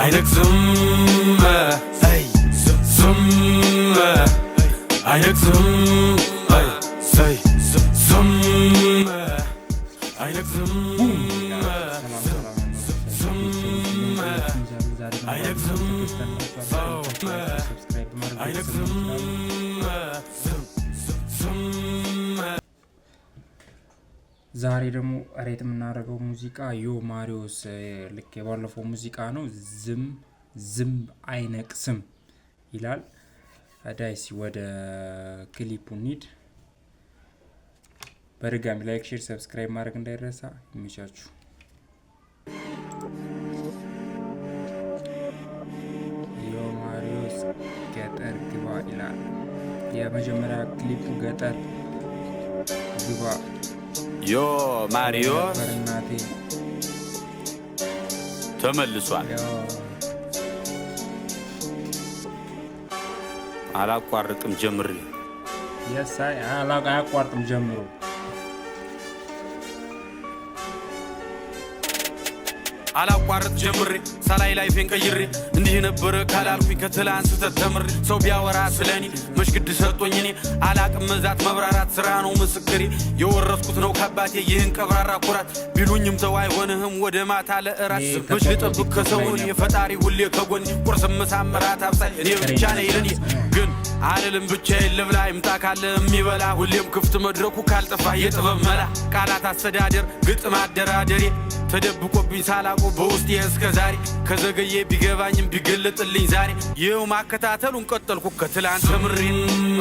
Aylık zımme hey. Zımme Aylık zımme hey. Say Zımme Aylık zımme Zımme Aylık zımme Aylık zımme ዛሬ ደግሞ ሬት የምናደርገው ሙዚቃ ዮ ማሪዮስ ልክ የባለፈው ሙዚቃ ነው። ዝም ዝም አይነቅስም ይላል። ዳይሲ ወደ ክሊፑ ኒድ። በድጋሚ ላይክ፣ ሼር፣ ሰብስክራይብ ማድረግ እንዳይረሳ። ይመቻችሁ። ዮ ማሪዮስ ገጠር ግባ ይላል። የመጀመሪያ ክሊፑ ገጠር ግባ ዮ ማሪዮ ተመልሷል። አላቋርጥም ጀምሬ አያቋርጥም ጀምሮ አላቋርጥ ጀምሬ ሳላይ ላይፌን ቀይሬ እንዲህ ነበረ ካላልኩኝ ከትላን ስተት ተምሬ ሰው ቢያወራ ስለኔ መሽግድ ሰጦኝ እኔ አላቅም መዛት መብራራት ስራ ነው ምስክሬ የወረስኩት ነው ከአባቴ ይህን ቀብራራ ኩራት ቢሉኝም ሰው አይሆንህም ወደ ማታ ለእራት መች ልጠብቅ ከሰውን የፈጣሪ ሁሌ ከጎን ቁርስ ምሳምራት አብሳይ እኔ ብቻ ነ ይለን ግን አልልም ብቻዬን ልብላ ይምጣ ካለ የሚበላ ሁሌም ክፍት መድረኩ ካልጠፋ የጥበብ መላ ቃላት አስተዳደር ግጥም አደራደሬ ተደብቆብኝ ሳላቁ በውስጥ እስከ ዛሬ ከዘገዬ ቢገባኝም ቢገለጥልኝ ዛሬ ይኸው ማከታተሉን ቀጠልኩ ከትላንት ተምሬም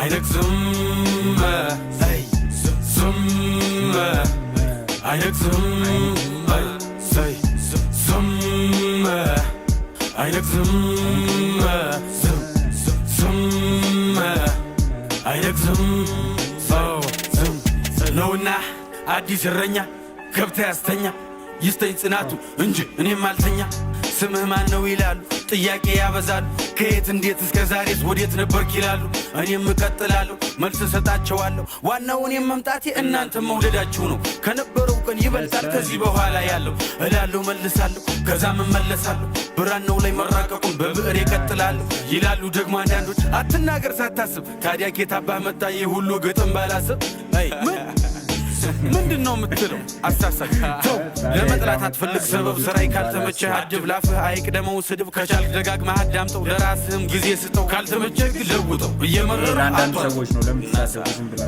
አይነቅዝም አይነቅዝም ነውና አዲስ እረኛ ገብታ ያስተኛ ይስተኝ ጽናቱ እንጂ እኔም አልተኛ። ስምህ ማን ነው ይላሉ፣ ጥያቄ ያበዛሉ። ከየት እንዴት እስከ ዛሬት ወዴት ነበርክ ይላሉ። እኔም እቀጥላለሁ መልስ እሰጣቸዋለሁ። ዋናው እኔም መምጣቴ እናንተ መውደዳችሁ ነው። ከነበረው ቀን ይበልጣል ከዚህ በኋላ ያለው እላለሁ መልሳለሁ፣ ከዛም እመለሳለሁ። ብራናው ላይ መራቀቁን በብዕር ይቀጥላሉ ይላሉ ደግሞ አንዳንዶች። አትናገር ሳታስብ ታዲያ ኬታባህ መጣ ይህ ሁሉ ግጥም ባላስብ ምንድን ነው የምትለው? አሳሳች ተው ለመጥላት አትፈልግ ሰበብ። ስራይ ካልተመቸህ አድብ፣ ላፍህ አይቅደመው ስድብ። ከቻልክ ደጋግመህ አዳምጠው፣ ለራስህም ጊዜ ስጠው። ካልተመቸ ግን ለውጠው። እየመረረ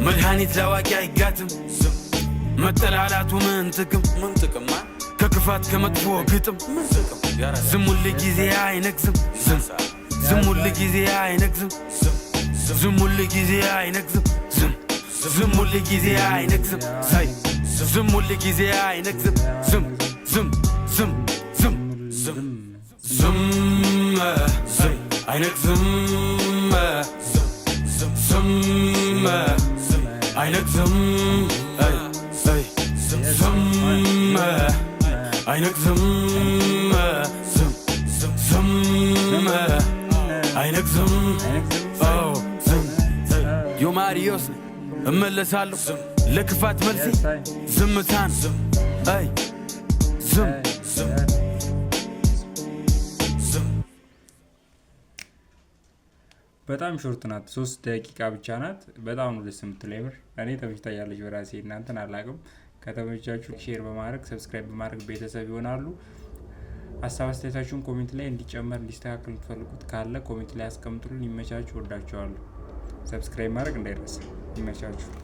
መድኃኒት ላዋቂ አይጋትም። መጠላላቱ ምን ጥቅም? ምን ጥቅም? ከክፋት ከመጥፎ ግጥም ዝም ሁል ጊዜ አይነግዝም። ዝም ሁል ጊዜ አይነግዝም። ዝም ሁል ጊዜ አይነግዝም። زم واللي جيزي عاي نكذب زي زم واللي جيزي عاي نكذب زم زم زم زم زم زم زي عينك زم زم زم زم عينك زم اي اي زم زم عينك زم زم زم زم عينك زم او زم يوم عريوسني እመለሳለሁ ለክፋት መልሴ ዝምታን አይ ዝም በጣም ሾርት ናት። ሶስት ደቂቃ ብቻ ናት። በጣም ነው ደስ የምትለው እኔ እኔ ያለች በራሴ እናንተን አላቅም። ከተመቻችሁ ሼር በማድረግ ሰብስክራይብ በማድረግ ቤተሰብ ይሆናሉ። ሀሳብ አስተያየታችሁን ኮሜንት ላይ እንዲጨመር እንዲስተካከል የምትፈልጉት ካለ ኮሜንት ላይ አስቀምጥሉን ይመቻችሁ። ወዳቸዋለሁ ሰብስክራይብ ማድረግ እንዳይረሳ። ይመቻችሁ።